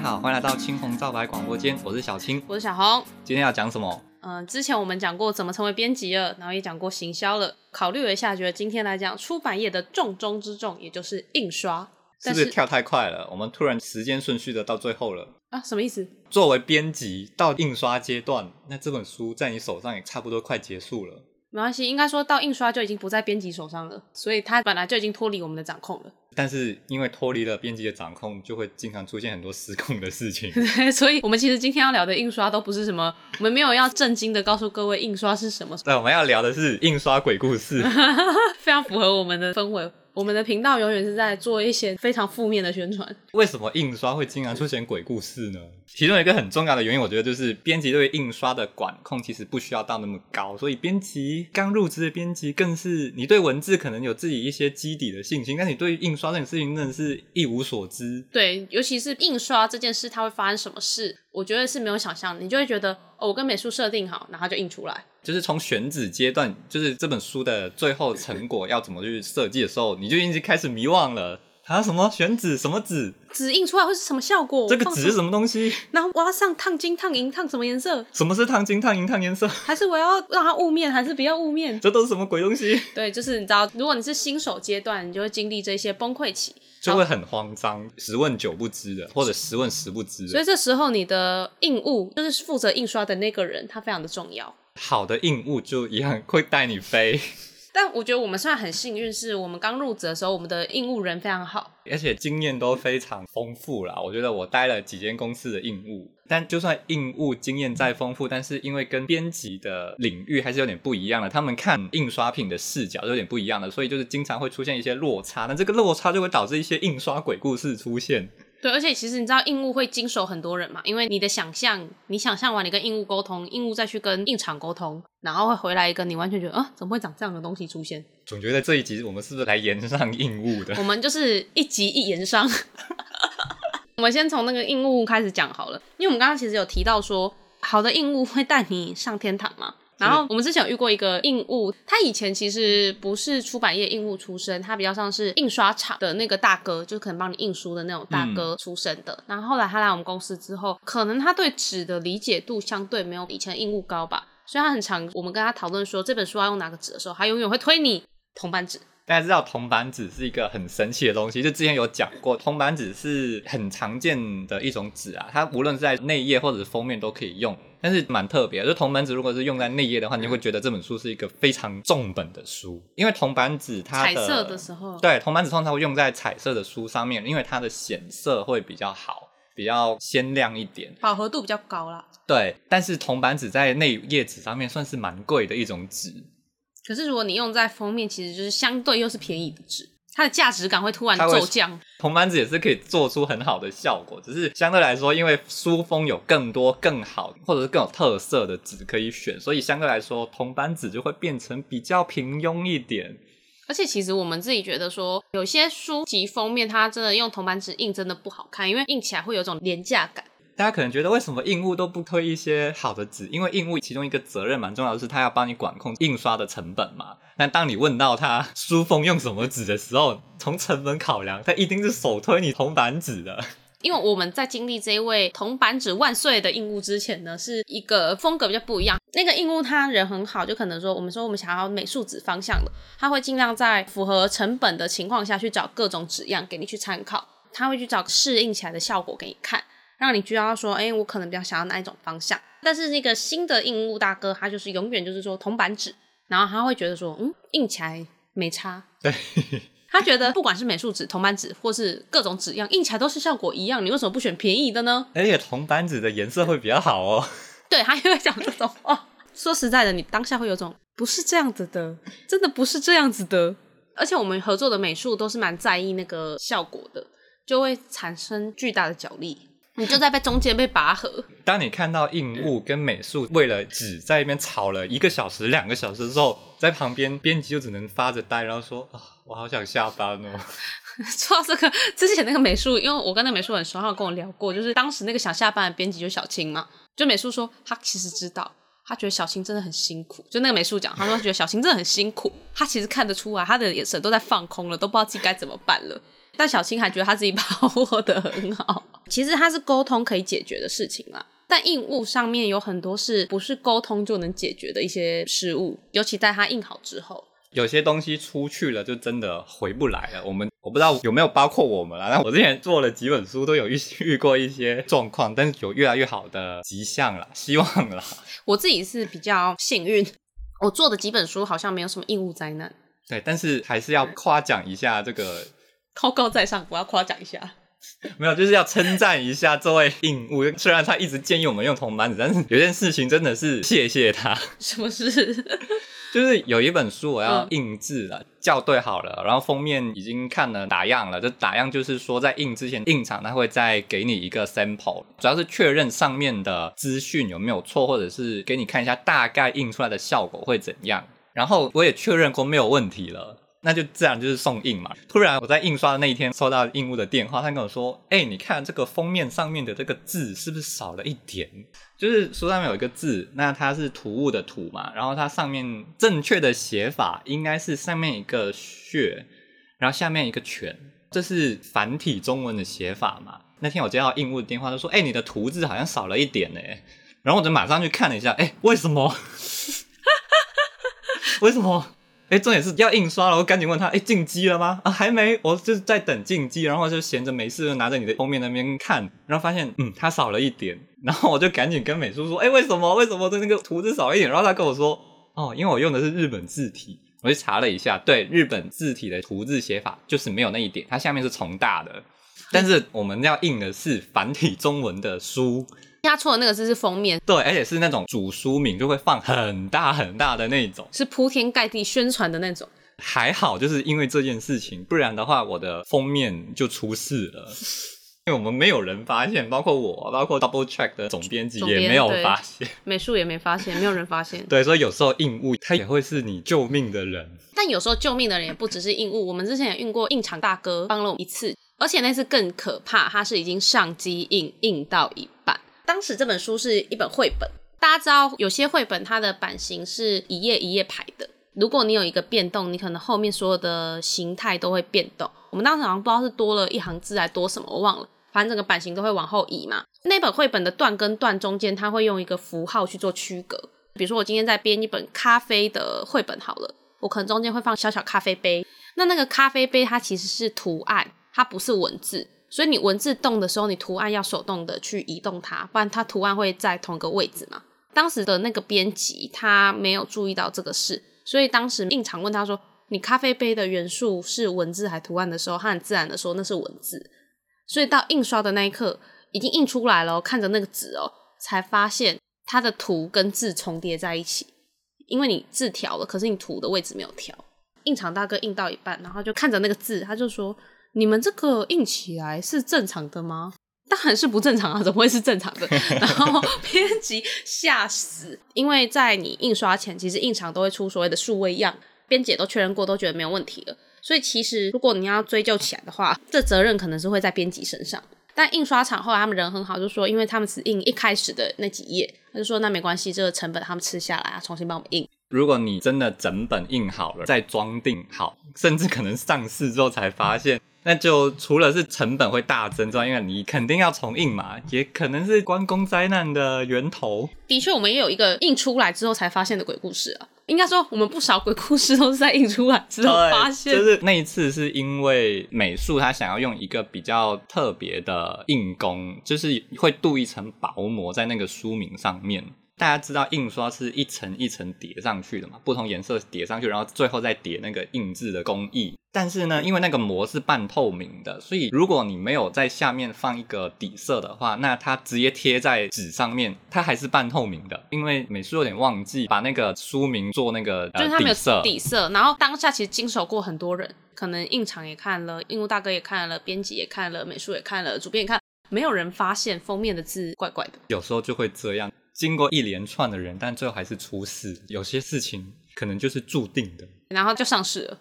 大家好，歡迎來到青紅皂白廣播間，我是小青，我是小紅。今天要講什麼？嗯、呃，之前我們講過怎麼成為編輯了，然後也講過行銷了。考慮了一下，覺得今天來講出版業的重中之重，也就是印刷。是不是，是跳太快了？我們突然時間順序的到最後了啊？什麼意思？作為編輯到印刷階段，那這本書在你手上也差不多快結束了。沒關係，應該說到印刷就已經不在編輯手上了，所以它本來就已經脫離我們的掌控了。但是因為脫離了編輯的掌控，就會經常出現很多失控的事情。對，所以我們其實今天要聊的印刷都不是什麼，我們沒有要正經的告訴各位印刷是什麼。對，我們要聊的是印刷鬼故事， 非常符合我們的氛圍。我們的頻道永遠是在做一些非常負面的宣傳。為什麼印刷會經常出現鬼故事呢？其中一個很重要的原因，我覺得就是編輯對印刷的管控其實不需要到那麼高，所以編輯剛入職的編輯更是，你對文字可能有自己一些基底的信心，但是你對於印刷這件事情真的是一無所知。對，尤其是印刷這件事，它會發生什麼事，我覺得是沒有想象的，你就會覺得。哦，我跟美術設定好，然後就印出來。就是從選紙階段，就是這本書的最後成果要怎麼去設計的時候， 你就已經開始迷惘了。還、啊、有什麼選紙什麼紙？紙印出來會是什麼效果？這個紙是什麼東西？然後我要上燙金、燙銀、燙什麼顏色？什麼是燙金、燙銀、燙顏色？還是我要讓它霧面？還是不要霧面？這都是什麼鬼東西？對，就是你知道，如果你是新手階段，你就會經歷這些崩潰期，就會很慌張，十問九不知的，或者十問十不知。所以這時候你的印務就是負責印刷的那個人，他非常的重要。好的印務就一樣會帶你飛。但我覺得我們算很幸運，是我們剛入職的時候，我們的印務人非常好，而且經驗都非常豐富啦。我覺得我待了幾間公司的印務，但就算印務經驗再豐富，但是因為跟編輯的領域還是有點不一樣的，他們看印刷品的視角是有點不一樣的，所以就是經常會出現一些落差。那這個落差就會導致一些印刷鬼故事出現。對，而且其實你知道印務會經手很多人嘛，因為你的想象，你想象完，你跟印務溝通，印務再去跟印廠溝通，然後會回來一個你完全覺得，啊，怎麼會長這樣的東西出現？總覺得這一集我們是不是來炎上印務的？ 我們就是一集一炎上。 我們先從那個印務開始講好了，因為我們剛剛其實有提到說，好的印務會帶你上天堂嘛。然後我們之前有遇過一個印務，他以前其實不是出版業印務出身，他比較像是印刷廠的那個大哥，就是可能幫你印書的那種大哥出身的。嗯、然後後來他來我們公司之後，可能他對紙的理解度相對沒有以前印務高吧，所以他很常我們跟他討論說，這本書要用哪個紙的時候，他永遠會推你銅版紙。大家知道銅版紙是一個很神奇的東西，就之前有講過，銅版紙是很常見的一種紙啊，它無論是在內頁或者是封面都可以用，但是蠻特別的，就銅版紙如果是用在內頁的話，你就會覺得這本書是一個非常重本的書，因為銅版紙它彩色的時候，對，銅版紙通常會用在彩色的書上面，因為它的顯色會比較好，比較鮮亮一點，飽和度比較高啦。對，但是銅版紙在內頁紙上面算是蠻貴的一種紙。可是如果你用在封面，其實就是相對又是便宜的紙，它的價值感會突然驟降。銅版紙也是可以做出很好的效果，只是相對來說，因為書封有更多更好或者是更有特色的紙可以選，所以相對來說銅版紙就會變成比較平庸一點。而且其實我們自己覺得說，有些書籍封面它真的用銅版紙印真的不好看，因為印起來會有一種廉價感。大家可能覺得為什麼印務都不推一些好的紙？因為印務其中一個責任蠻重要的，是它要幫你管控印刷的成本嘛。但當你問到它書封用什麼紙的時候，從成本考量，它一定是首推你銅版紙的。因為我們在經歷這一位銅版紙萬歲的印務之前呢，是一個風格比較不一樣。那個印務他人很好，就可能說我們說我們想要美術紙方向的，他會盡量在符合成本的情況下去找各種紙樣給你去參考，他會去找適應起來的效果給你看。讓你聚要說，誒、欸、我可能比較想要哪一種方向。但是那個新的印務大哥，他就是永遠就是說銅板紙，然後他會覺得說，嗯，印起來沒差。對， 他覺得不管是美術紙、銅板紙，或是各種紙樣，印起來都是效果一樣。你為什麼不選便宜的呢？而且銅板紙的顏色會比較好哦。對，對他也會講這種 哦。說實在的，你當下會有種不是這樣子的，真的不是這樣子的。而且我們合作的美術都是蠻在意那個效果的，就會產生巨大的角力。你就在被中間被拔河。當你看到印務跟美術為了紙在一邊吵了一個小時、兩個小時之後，在旁邊編輯就只能發着呆，然後說：“啊、哦，我好想下班哦。”說到這個，之前那個美術，因為我跟那個美術很熟，他有跟我聊過，就是當時那個想下班的編輯就是小青嘛，就美術說他其實知道，他覺得小青真的很辛苦。就那個美術講，他說覺得小青真的很辛苦，他其實看得出來、啊，他的眼神都在放空了，都不知道自己該怎麼辦了。但小青還覺得他自己把握得很好。其實他是溝通可以解決的事情啦，但印務上面有很多是不是溝通就能解決的一些失誤，尤其在他印好之後，有些東西出去了就真的回不來了。我們，我不知道有沒有包括我們啦，但我之前做了幾本書，都有遇遇過一些狀況，但是有越來越好的跡象了，希望了。 我自己是比較幸運，我做的幾本書好像沒有什麼印務災難。對，但是還是要誇獎一下這個。高高在上，我要誇獎一下。沒有，就是要稱讚一下這位印務。雖然他一直建議我們用銅版紙，但是有件事情真的是謝謝他。什麼事？就是有一本書我要印製了、嗯，校對好了，然後封面已經看了打樣了。這打樣就是說在印之前，印廠他會再給你一個 sample，主要是確認上面的資訊有沒有錯，或者是給你看一下大概印出來的效果會怎樣。然後我也確認過沒有問題了。那就自然就是送印嘛。突然，我在印刷的那一天收到印務的電話，他跟我說：“哎、欸，你看這個封面上面的這個字是不是少了一點？就是書上面有一個字，那它是圖物的圖、突兀的突嘛，然後它上面正確的寫法應該是上面一個穴，然後下面一個犬，這是繁體中文的寫法嘛。那天我接到印務的電話，他說：哎、欸，你的突字好像少了一點呢。然後我就馬上去看了一下，哎、欸，為什麼？ 為什麼？哎，重點是要印刷了，我趕緊問他：哎，進機了嗎？啊，還沒，我就是在等進機，然後就閒着沒事，就拿着你的封面那邊看，然後發現嗯，它少了一點，然後我就趕緊跟美術說：哎，為什麼？為什麼這那個圖字少一點？然後他跟我說：哦，因為我用的是日本字體，我去查了一下，對，日本字體的圖字寫法就是沒有那一點，它下面是重大的。但是我們要印的是繁體中文的書，他錯的那個字是封面，對，而且是那種主書名就會放很大很大的那種，是鋪天蓋地宣傳的那種。還好就是因為這件事情，不然的話我的封面就出事了， 因為我們沒有人發現，包括我，包括 Double Check 的總編輯也沒有發現， 美術也沒發現，沒有人發現。 對，所以有時候印務它也會是你救命的人，但有時候救命的人也不只是印務， 我們之前也運過印廠大哥幫了我一次。而且那次更可怕，它是已經上機印印到一半。當時這本書是一本繪本，大家知道有些繪本它的版型是一頁一頁排的。如果你有一個變動，你可能後面所有的形態都會變動。我們當時好像不知道是多了一行字還是多什麼，我忘了。反正整個版型都會往後移嘛。那本繪本的段跟段中間，它會用一個符號去做區隔。比如說我今天在編一本咖啡的繪本好了，我可能中間會放小小咖啡杯。那那個咖啡杯它其實是圖案。它不是文字，所以你文字動的時候，你圖案要手動的去移動它，不然它圖案會在同一個位置嘛。當時的那個編輯他沒有注意到這個事，所以當時印廠問他說：“你咖啡杯的元素是文字還圖案？”的時候，他很自然的說：“那是文字。”所以到印刷的那一刻已經印出來了，看着那個紙哦，才發現它的圖跟字重疊在一起，因為你字調了，可是你圖的位置沒有調。印廠大哥印到一半，然後就看着那個字，他就說。你們這個印起來是正常的嗎？當然是不正常啊，怎麼會是正常的？然後編輯嚇死， 因為在你印刷前，其實印廠都會出所謂的數位樣，編輯也都確認過，都覺得沒有問題了。所以其實如果你要追究起來的話，這責任可能是會在編輯身上。但印刷廠後來他們人很好就是，就說因為他們只印一開始的那幾頁，他就說那沒關係，這個成本他們吃下來啊，重新幫我們印。如果你真的整本印好了，再裝訂好，甚至可能上市之後才發現。 那就除了是成本會大增之外，因為你肯定要重印嘛，也可能是關公災難的源頭。的確，我們也有一個印出來之後才發現的鬼故事啊。應該說，我們不少鬼故事都是在印出來之後發現。就是那一次，是因為美術他想要用一個比較特別的印工，就是會鍍一層薄膜在那個書名上面。大家知道印刷是一層一層疊上去的嘛？不同顏色疊上去，然後最後再疊那個印製的工藝。但是呢，因為那個膜是半透明的，所以如果你沒有在下面放一個底色的話，那它直接貼在紙上面，它還是半透明的。因為美術有點忘記把那個書名做那個，就是它沒有底色，底色。然後當下其實經手過很多人，可能印廠也看了，印務大哥也看了，編輯也看了，美術也看了，主編也看，沒有人發現封面的字怪怪的。有時候就會這樣。經過一連串的人，但最後還是出事。有些事情可能就是注定的。然後就上市了，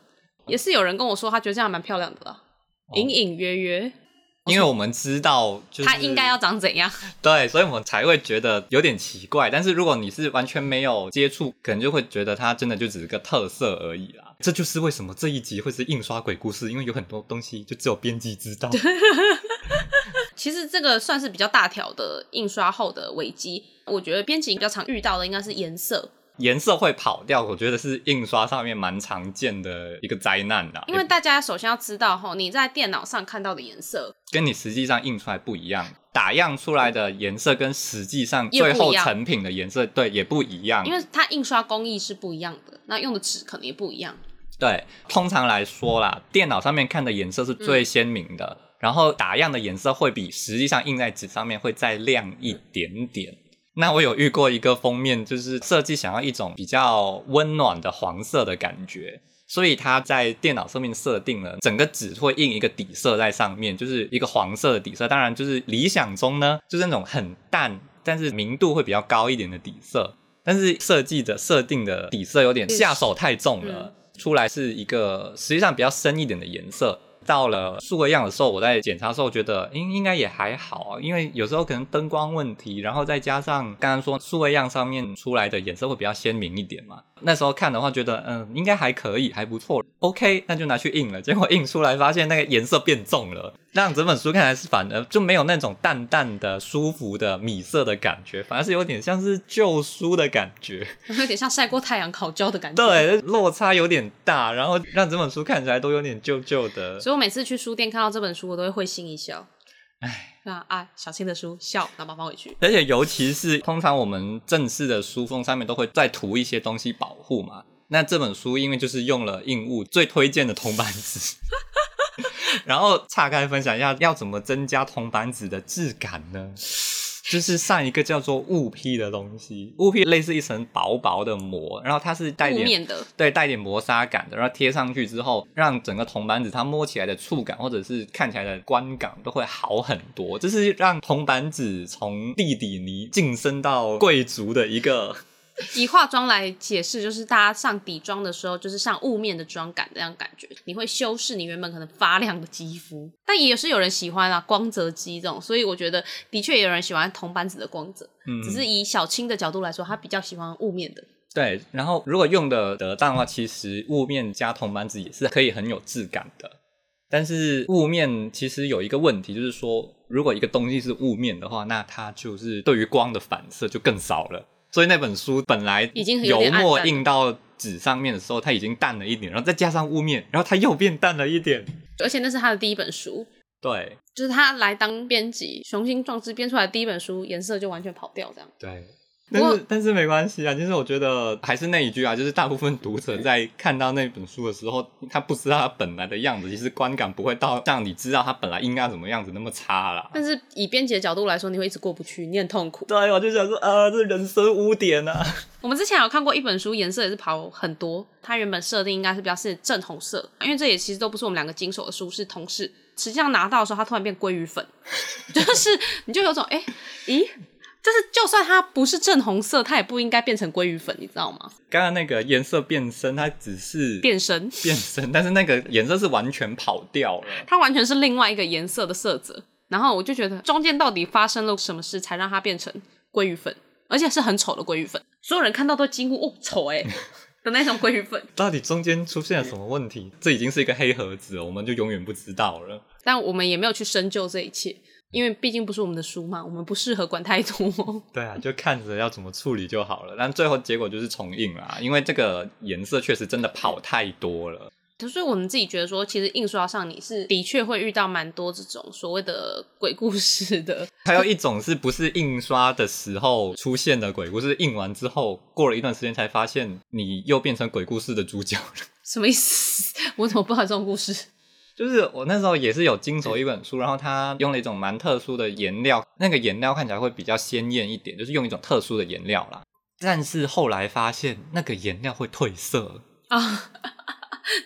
也是有人跟我說，他覺得這樣蠻漂亮的、哦，隱隱約約。因為我們知道、就是，他應該要長怎樣。對，所以我們才會覺得有點奇怪。但是如果你是完全沒有接觸，可能就會覺得它真的就只是個特色而已啦。這就是為什麼這一集會是印刷鬼故事，因為有很多東西就只有編輯知道。 其實這個算是比較大條的印刷後的危機。我覺得編輯比較常遇到的應該是顏色，顏色會跑掉。我覺得是印刷上面蠻常見的一個災難的。因為大家首先要知道哈，你在電腦上看到的顏色，跟你實際上印出來不一樣。打樣出來的顏色跟實際上最後成品的顏色，也對也不一樣。因為它印刷工藝是不一樣的，那用的紙可能也不一樣。對，通常來說啦，嗯，電腦上面看的顏色是最鮮明的。嗯然後打樣的顏色會比實際上印在紙上面會再亮一點點。那我有遇過一個封面，就是設計想要一種比較溫暖的黃色的感覺，所以他在電腦上面設定了整個紙會印一個底色在上面，就是一個黃色的底色。當然就是理想中呢，就是那種很淡，但是明度會比較高一點的底色。但是設計的設定的底色有點下手太重了，出來是一個實際上比較深一點的顏色。到了數位樣的時候，我在檢查的時候覺得、欸、應應該也還好、啊，因為有時候可能燈光問題，然後再加上剛剛說數位樣上面出來的顏色會比較鮮明一點嘛，那時候看的話覺得嗯，應該還可以，還不錯，OK，那就拿去印了。結果印出來發現那個顏色變重了，讓整本書看來是反而就沒有那種淡淡的舒服的米色的感覺，反而是有點像是舊書的感覺，有點像曬過太陽烤焦的感覺，對、欸，落差有點大，然後讓整本書看起來都有點舊舊的。所以每次去書店看到這本書，我都會會心一笑。哎，那啊！小青的書，笑，拿包放回去。而且，尤其是通常我們正式的書封上面都會再塗一些東西保護嘛。那這本書因為就是用了印物，最推薦的銅版紙。 然後，岔開分享一下，要怎麼增加銅版紙的質感呢？就是上一個叫做霧皮的東西，霧皮類似一層薄薄的膜，然後它是帶點，對，帶點磨砂感的，然後貼上去之後，讓整個銅板紙它摸起來的觸感，或者是看起來的觀感都會好很多，這是讓銅板紙從地底泥晉升到貴族的一個。 以化妝來解釋，就是大家上底妝的時候，就是上霧面的妝感的那樣感覺，你會修飾你原本可能發亮的肌膚，但也是有人喜歡啊，光澤肌這種。所以我覺得，的確也有人喜歡銅版紙的光澤，只是以小青的角度來說，她比較喜歡霧面的，嗯。對，然後如果用得得當的話，其實霧面加銅版紙也是可以很有質感的。但是霧面其實有一個問題，就是說，如果一個東西是霧面的話，那它就是對於光的反射就更少了。所以那本書本來已經油墨印到紙上面的時候，它已經淡了一點，然後再加上霧面，然後它又變淡了一點。而且那是他的第一本書，對，就是他來當編輯，雄心壯志編出來第一本書，顏色就完全跑掉這樣。對。但是但是沒關係啊，就是我覺得還是那一句啊，就是大部分讀者在看到那本書的時候，他不知道他本來的樣子，其實觀感不會到像你知道他本來應該什麼樣子那麼差啦。但是以編輯的角度來說，你會一直過不去，你很痛苦。對，我就想說，呃、啊，這人生污點呢、啊。我們之前有看過一本書，顏色也是跑很多，它原本設定應該是比較是正紅色，因為這也其實都不是我們兩個經手的書，是同事實際上拿到的時候，它突然變鮭魚粉，就是 你就有種誒、欸、咦。但是，就算它不是正紅色，它也不應該變成鮭魚粉，你知道嗎？剛剛那個顏色變深，它只是變深，變深，但是那個顏色是完全跑掉了，它完全是另外一個顏色的色澤。然後我就覺得，中間到底發生了什麼事，才讓它變成鮭魚粉，而且是很醜的鮭魚粉，所有人看到都驚呼：“哦，醜誒、欸” 的那種鮭魚粉。到底中間出現了什麼問題？嗯。這已經是一個黑盒子了，我們就永遠不知道了。但我們也沒有去深究這一切。因為畢竟不是我們的書嘛，我們不適合管太多。 對啊，就看着要怎麼處理就好了。但最後結果就是重印了啊，因為這個顏色確實真的跑太多了。所以我們自己覺得說，其實印刷上你是的確會遇到蠻多這種所謂的鬼故事的。還有一種是不是印刷的時候出現的鬼故事，印完之後過了一段時間才發現，你又變成鬼故事的主角了？什麼意思？我怎麼不知道這種故事？就是我那時候也是有經手一本書，然後它用了一種蠻特殊的顏料，那個顏料看起來會比較鮮豔一點，就是用一種特殊的顏料啦。但是後來發現那個顏料會褪色啊、哦，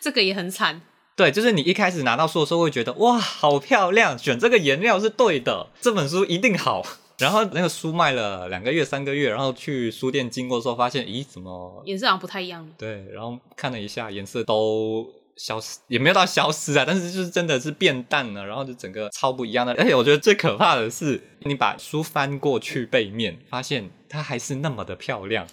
這個也很慘。對，就是你一開始拿到書的時候會覺得哇，好漂亮，選這個顏料是對的，這本書一定好。然後那個書賣了兩個月、三個月，然後去書店經過的時候發現，咦，怎麼顏色好像不太一樣？對，然後看了一下，顏色都。消失也沒有到消失啊，但是就是真的是變淡了，然後就整個超不一樣的。而且我覺得最可怕的是，你把書翻過去背面，發現它還是那麼的漂亮，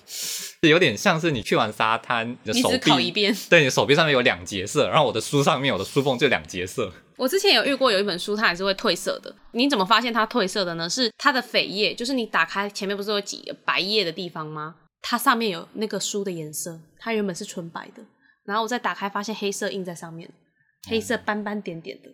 有點像是你去完沙灘，你的手臂。你只考一遍，對，你手臂上面有兩節色，然後我的書上面我的書縫就兩節色。我之前有遇過有一本書，它還是會褪色的。你怎麼發現它褪色的呢？是它的扉頁，就是你打開前面不是有幾個白頁的地方嗎？它上面有那個書的顏色，它原本是純白的。然後我再打開，發現黑色印在上面，嗯，黑色斑斑點點的，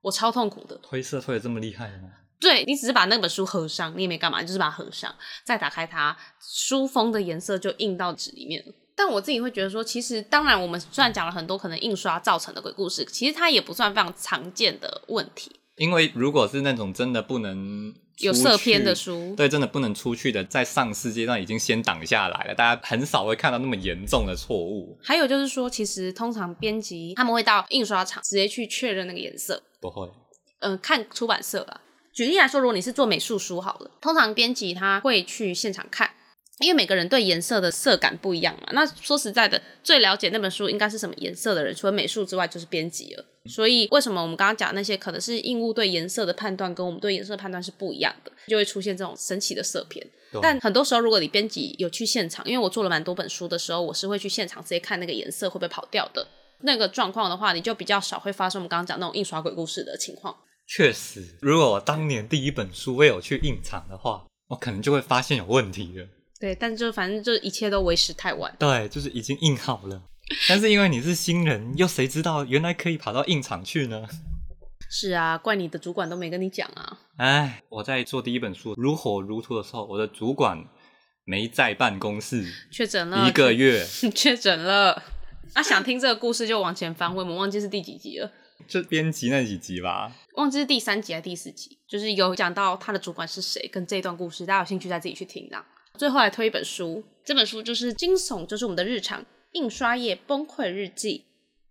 我超痛苦的。灰色會有這麼厲害嗎，啊？對，你只是把那本書合上，你也沒幹嘛，就是把它合上，再打開它，書封的顏色就印到紙裡面。但我自己會覺得說，其實當然我們雖然講了很多可能印刷造成的鬼故事，其實它也不算非常常見的問題。因為如果是那種真的不能。有色片的書，對，真的不能出去的，在上市階段已經先擋下來了，大家很少會看到那麼嚴重的錯誤。還有就是說，其實通常編輯他們會到印刷廠直接去確認那個顏色，不會，嗯、呃，看出版社吧。舉例來說，如果你是做美術書好了，通常編輯他會去現場看。因為每個人對顏色的色感不一樣嘛，那說實在的，最了解那本書應該是什麼顏色的人，除了美術之外就是編輯了。嗯、所以為什麼我們剛剛講那些可能是印務，對顏色的判斷跟我們對顏色的判斷是不一樣的，就會出現這種神奇的色偏。但很多時候，如果你編輯有去現場，因為我做了蠻多本書的時候，我是會去現場直接看那個顏色會不會跑掉的那個狀況的話，你就比較少會發生我們剛剛講那種印刷鬼故事的情況。確實，如果我當年第一本書未有去印廠的話，我可能就會發現有問題了。對，但是就反正就一切都為時太晚。對，就是已經印好了，但是因為你是新人， 又誰知道原來可以跑到印廠去呢？是啊，怪你的主管都沒跟你講啊。哎，我在做第一本書如火如荼的時候，我的主管沒在辦公室。確診了一個月。 確診了。啊，想聽這個故事就往前翻，我們忘記是第幾集了。就編輯那幾集吧。忘記是第三集還是第四集，就是有講到他的主管是誰，跟這段故事，大家有興趣再自己去聽啦、啊。最後來推一本書，這本書就是驚悚，就是我們的日常《印刷業崩潰日記》。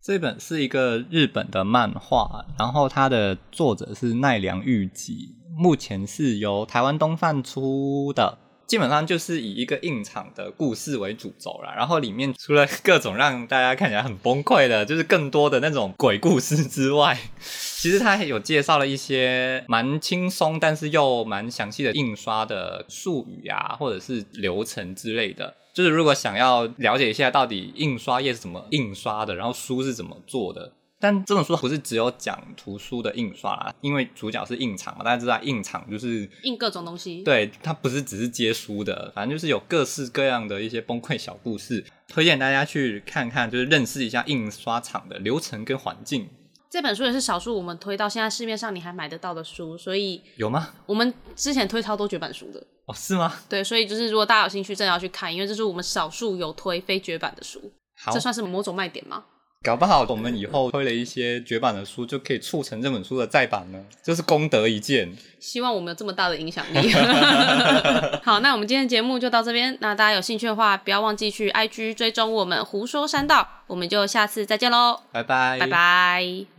這本是一個日本的漫畫，然後它的作者是奈良裕己，目前是由台灣東販出的。基本上就是以一個印廠的故事為主軸啦，然後裡面除了各種讓大家看起來很崩潰的，就是更多的那種鬼故事之外，其實他還有介紹了一些蠻輕鬆但是又蠻詳細的印刷的術語啊，或者是流程之類的。就是如果想要了解一下到底印刷業是怎麼印刷的，然後書是怎麼做的。但這本書不是只有講圖書的印刷啦，因為主角是印廠嘛，大家知道印廠就是印各種東西。對，它不是只是接書的，反正就是有各式各樣的一些崩潰小故事，推薦大家去看看，就是認識一下印刷廠的流程跟環境。這本書也是少數我們推到現在市面上你還買得到的書，所以有嗎？我們之前推超多絕版書的哦，是嗎？對，所以就是如果大家有興趣，真的要去看，因為這是我們少數有推非絕版的書。好，這算是某種賣點嗎？搞不好我們以後推了一些絕版的書，就可以促成這本書的再版呢，就是功德一件。希望我們有這麼大的影響力。 好，那我們今天的節目就到這邊。那大家有興趣的話，不要忘記去 IG 追蹤我們“狐說三道”。我們就下次再見嘍，拜拜，拜拜。